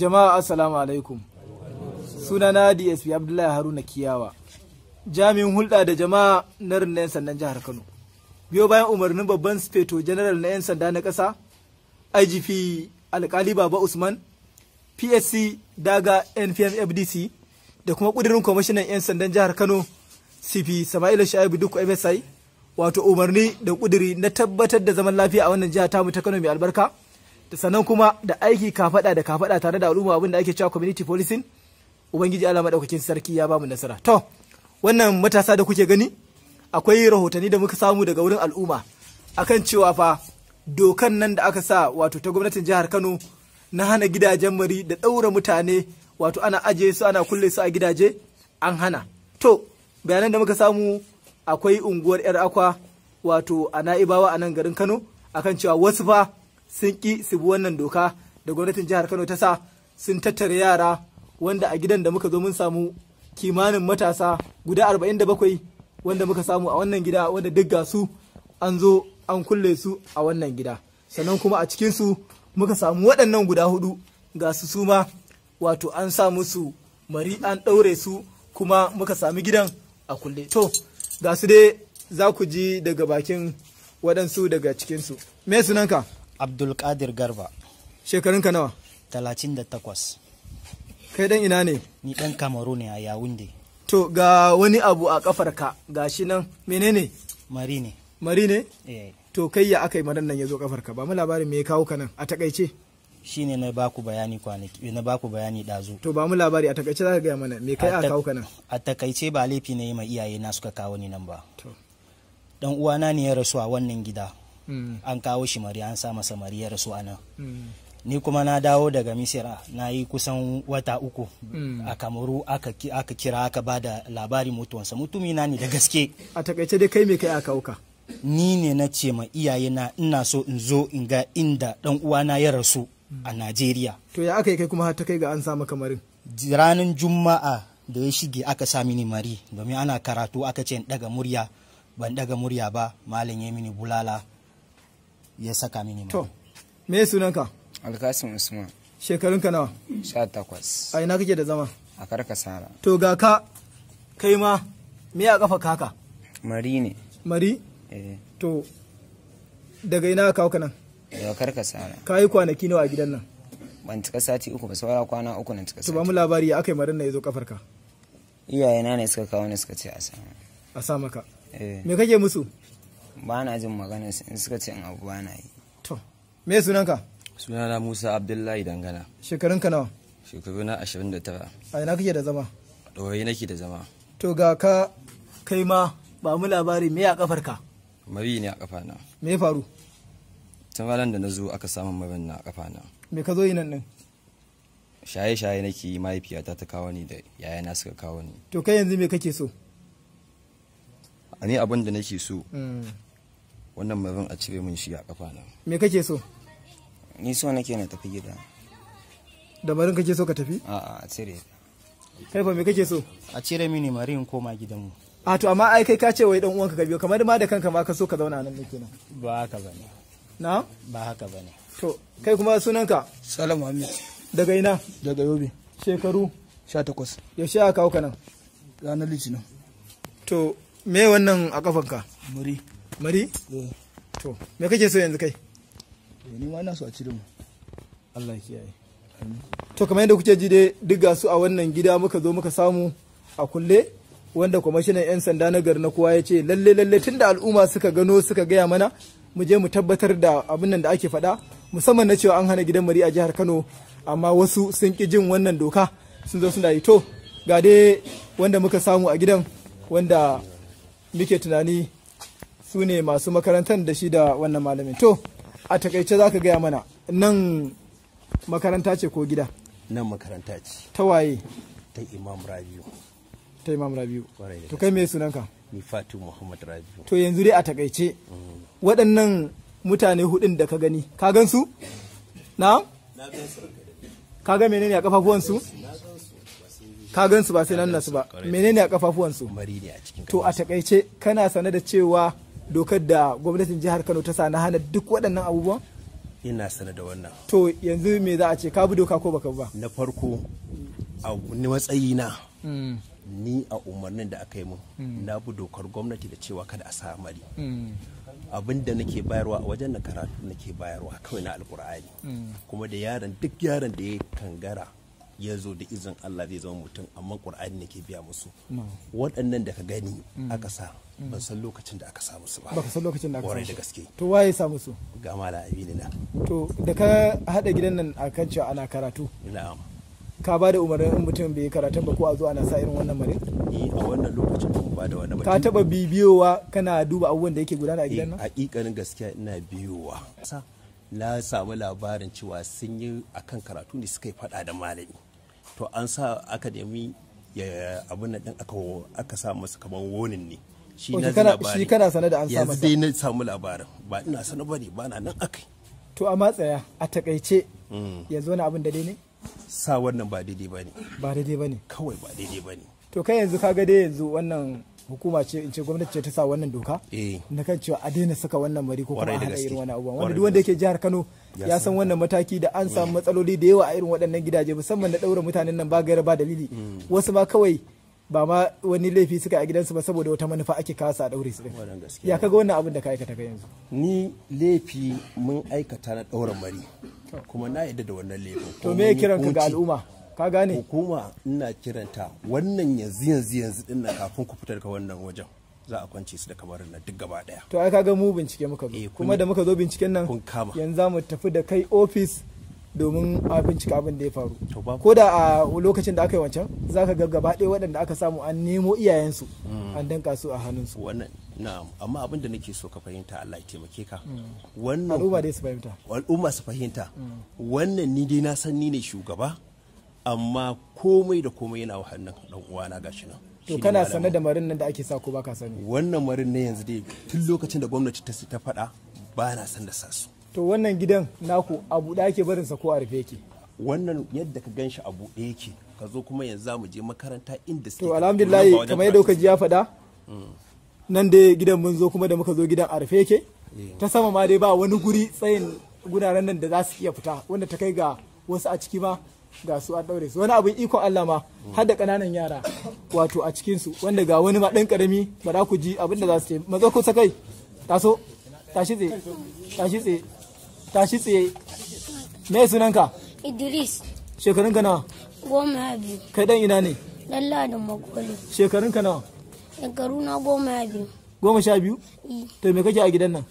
jama'a assalamu alaikum sunana dsp abdullahi haruna kiyawa jami'in hulɗa da jama'a na 'yan sandan jihar kano biyo bayan umarnin babban speto general na 'yan sanda na ƙasa igp alkali baba usman psc daga npm fdc da kuma ƙudurin kwamishinan 'yan sandan jihar kano cp sama'ila sha'ibu duk msi wato umarni da ƙuduri na tabbatar da zaman lafiya a wannan jiha tamu ta kano mai albarka sannan kuma da aiki kafada da kafada tare da al'umma abin da ake cewa community policing ubangiji Allah madaukakin sarki ya bamu nasara to wannan matasa da kuke gani akwai rahotanni da muka samu daga wurin al'umma akan cewa fa dokan nan da aka sa wato ta gwamnatin jihar Kano na hana gidajen mari da ɗaura mutane wato ana aje su ana kulle su a gidaje an hana to bayanan da muka samu akwai unguwar yar akwa wato a na'ibawa a nan garin Kano akan cewa wasu fa sun ƙi su bi wannan doka da gwamnatin jihar Kano ta sa sun tattara yara wanda a gidan da muka zo mun samu kimanin matasa guda 47 wanda muka samu a wannan gida wanda duk ga su an zo an kulle su a wannan gida sannan kuma a cikin su muka samu waɗannan guda hudu ga su suma wato an sa musu mari an ɗaure su kuma muka sami gidan a kulle to ga su dai za ku ji daga bakin waɗansu daga cikinsu me sunanka Abdulkadir Garba. Shekarunka nawa? 38. Kai dan ina ne? Ni dan Kamaru ne a Yawunde. To ga wani abu a kafarka shi nan menene? Mari ne. Mari ne? Eh. To kai ya aka yi maran nan ya zo kafarka ba mu labarin me ya kawo ka nan a takaice? Shi ne na baku bayani kwanaki na baku bayani dazu. To ba mu labari a takaice za ka gaya mana me kai aka kawo ka nan? A takaice ba laifi ne ma iyaye na suka kawo ni nan ba. To. Dan uwana ne ya rasu a wannan gida. Mm. an kawo shi mari an sa masa mari ya rasu a nan mm. ni kuma na dawo daga misira na yi kusan wata uku mm. a kamaru aka kira aka ba da labari mutuwansa mutumi na ne da gaske a takaice dai kai me kai aka auka ni ne na ce ma iyaye na ina so in zo in ga inda dan uwana ya rasu a najeriya to ya aka yi kai kuma har ta kai ga an samu kamarin ranar juma'a da ya shige aka sa mini mari domin ana karatu aka ce in daga murya ban daga murya ba malam ya mini bulala ya saka mini to me sunanka alkasim usman shekarunka nawa sha takwas a ina kake da zama a karkasara to ga ka kai ma me a kafa kaka mari ne mari eh to daga ina kawo ka nan daga karkasara ka yi kwanaki nawa a gidan nan ban cika sati uku ba saura kwana uku nan cika sati to ba mu labari ya akai marin na yazo kafar ka iyayena ne suka kawo ne suka ce a sama. a sa maka eh. me kake musu ba na jin magana in suka ce in abu ba na yi to me sunanka sunana musa abdullahi dangana shekarunka nawa shekaru na 29 a ina kake da zama ɗoyi nake da zama to ga ka kai ma ba mu labari me a kafarka mari ne a kafa na me faru tun ranar da na zo aka samun marin na a kafa na me ka zo yi nan din shaye-shaye nake yi mahaifiyata ta kawo ni da yayana suka kawo ni to kai yanzu me kake so ni abin da nake so mm. wannan mabin a cire min shi a kafa na me kake so ni so nake na tafi gida da marin kake so ka tafi a'a a cire kai fa me kake so a cire mini marin koma gidanmu a to amma ai kai ka ce wai dan uwanka ka biyo kamar ma da kanka ma ka so ka zauna nan nake na. ba haka bane na ba haka bane to kai kuma sunanka salamu amin daga ina daga yobe shekaru 18 yaushe aka kawo ka nan ranar litinin to me wannan a kafanka muri mari eh. to me kake so yanzu kai eh, ni ma ina so a cire mu Allah ya kiyaye to kamar yadda kuke ji dai duk su a wannan gida muka zo muka samu a kulle wanda kwamishinan 'yan sanda na gari na kowa ya ce lalle lalle tunda al'umma suka gano suka gaya mana mu je mu tabbatar da abin nan da ake faɗa musamman na cewa an hana gidan mari a jihar kano amma wasu sun ƙi jin wannan doka sun zo suna yi to ga dai wanda muka samu a gidan wanda muke tunani su ne masu makarantar da shi da wannan malamin to a takaice za ka gaya mana nan makaranta ce ko gida nan makaranta ce ta waye ta imam rabiu ta imam rabiu to kai mai sunanka ni fatu muhammad rabiu to yanzu dai a takaice waɗannan mutane hudun da ka gani ka gan su na ka ga menene a su ka gan su ba sai nan nasu ba menene a su. to a takaice kana sane da cewa dokar da gwamnatin jihar kano ta sa na hana duk waɗannan abubuwan ina sana da wannan to yanzu me za a ce ka bi doka ko baka ba na farko a matsayi na mm. ni a umarnin da aka yi mun mm. na bi dokar gwamnati da cewa kada a sa mari mm. abin da nake bayarwa a wajen na karatu nake bayarwa kawai na alkur'ani kuma da yaron duk yaron da ya kangara ya zo da izin Allah zai zama mutum amma ƙur'ani ne ke biya musu waɗannan da ka gani mm. aka sa ban mm. san lokacin da aka samu su ba baka san lokacin da aka samu da gaske to waye samu su ga mala abini na to da ka hada gidan nan a kan cewa ana karatu na'am ka ba da umarnin in mutum bai karatu ba ko a zo ana sa irin wannan mare eh a wannan lokacin ba ba da wannan ka taba bibiyowa kana duba abubuwan da yake gudana a eh, gidan nan hakikanin gaskiya ina biyowa na samu labarin cewa sun yi akan karatu ne suka yi fada da malami to an sa aka nemi ya abin nan aka aka sa masa kamar wonin ne shi na labari shi kana sanar da an sa masa yanzu dai na samu labarin ba ina sanar ba ne ba na nan akai to a matsaya a takaice mm. yanzu wani abin da dai ne sa wannan ba daidai ba ne ba daidai ba ne kawai ba daidai ba ne to kai yanzu kaga dai yanzu wannan hukuma ce in ce gwamnati ce ta sa wannan doka eh. na kan cewa a daina saka wannan mari ko kuma a hada irin wani abubuwan wanda duk wanda yake jihar Kano ya san wannan mataki da an samu matsaloli da yawa a irin waɗannan gidaje musamman na ɗaura mutanen nan ba gaira ba dalili mm. wasu ma kawai ba ma wani laifi suka a gidansu ba saboda wata manufa ake kasa a ɗaure su din ya kaga wannan abin da ka aikata ka yanzu ni laifi mun aikata na ɗaura mari kuma na yadda da wannan laifin to me kiran ka ga al'umma ka gane hukuma ina kiranta wannan yanzu yanzu yanzu din kafin ku fitar ka wannan wajen za a kwance su da kabarin nan duk gaba daya to ai kaga mu bincike muka zo eh, kuma da muka zo binciken nan yanzu mu tafi da kai office domin a bincika abin da ya faru ko da a lokacin da aka yi wancan za ka gaba ɗaya waɗanda aka samu an nemo iyayensu mm. an danka su a hannunsu wannan na amma abin da nake so ka fahimta Allah ya taimake ka mm. wannan al'umma dai su fahimta al'umma su fahimta mm. wannan ni dai na san ni ne shugaba amma komai da komai yana wa hannun dan uwana gashi nan to kana sane da marin nan da ake sa ko baka sani wannan marin ne yanzu dai tun lokacin da gwamnati ta ta fada ba na san da sasu to wannan gidan naku a buɗe ake barin sa ko a rufe yake wannan yadda ka ganshi a buɗe yake ka zo kuma yanzu za mu je makaranta inda to alhamdulillah kamar yadda kuka ji ya faɗa mm. nan dai gidan mun zo kuma da muka zo gidan a rufe yake eh. ta sama ma dai ba wani guri tsayin gudanar nan da za su iya fita wanda ta kai ga wasu a ciki ma ga su a daure su wani abin ikon Allah ma har da kananan yara wato a cikin su wanda ga wani ma dan karami ba za ku ji abin da za su ce mazo ku sakai taso tashi tsaye tashi tsaye tashi tsaye me ka Idris shekarun ka nawa goma biyu kai dan ina ne dan ladan makoli shekarun ka nawa shekaru na goma biyu goma sha biyu to me kake a gidan nan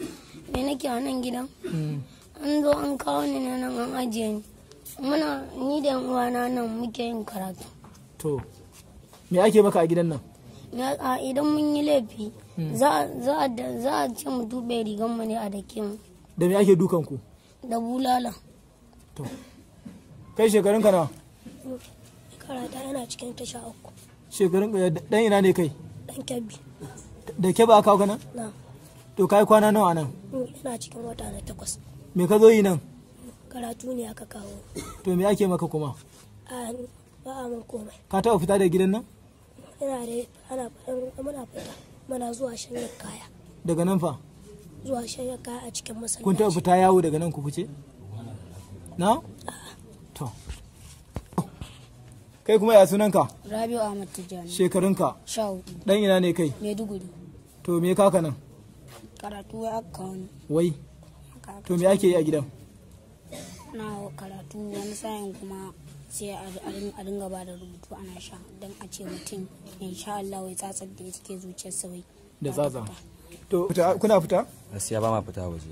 me nake a nan gidan mm. an zo an kawo ni nan an ajiye ni muna ni da uwana nan muke yin karatu to me ake maka a gidan nan idan mun yi laifi hmm. za a ce mu dube rigan mu ne a dake mu da me ake dukan ku da bulala to kai shekarun ka karata yana cikin tasha uku shekarun dan ina ne kai dan kebbi da ke ba ka kana na to kai kwana nawa nan ina cikin wata na takwas me ka zo yi nan karatu ne aka kawo to me ake maka kuma a ba a mun komai ka taɓa fita da gidan nan ina da ana muna fita muna zuwa shanyar kaya daga nan fa zuwa shanyar kaya a cikin masallaci kun taɓa fita yawo daga nan ku fice na to kai kuma ya ka? rabiu ahmad tijjani shekarunka sha hudu dan ina ne kai maiduguri to me kaka nan karatu ya aka wai to me ake yi a gidan na karatu wani sa'in kuma sai a dinga ba da rubutu ana sha don a ce mutum sha Allah wai tsatsar da cike zuciyar sauyi da tsatsa to kuna fita gaskiya ba ma fita waje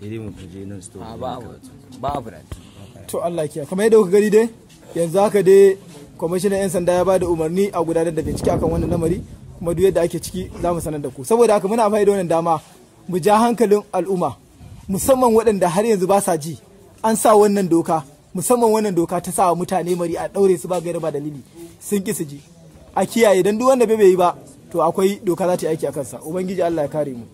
sai dai mu fije nan sto ah, ba ba ba to Allah ya kamar yadda kuka gani dai yanzu haka dai kwamishinan 'yan sanda ya ba da umarni a gudanar da bincike akan wannan lamari kuma duk yadda ake ciki za mu sanar da ku saboda haka muna amfani wannan dama mu ja hankalin al'umma musamman waɗanda har yanzu ba sa ji an sa wannan doka musamman wannan doka ta sa mutane mari a daure su ba gaira ba dalili sun ki su ji a kiyaye dan duk wanda bai yi ba to akwai doka za ta yi aiki a kansa ubangiji Allah ya kare mu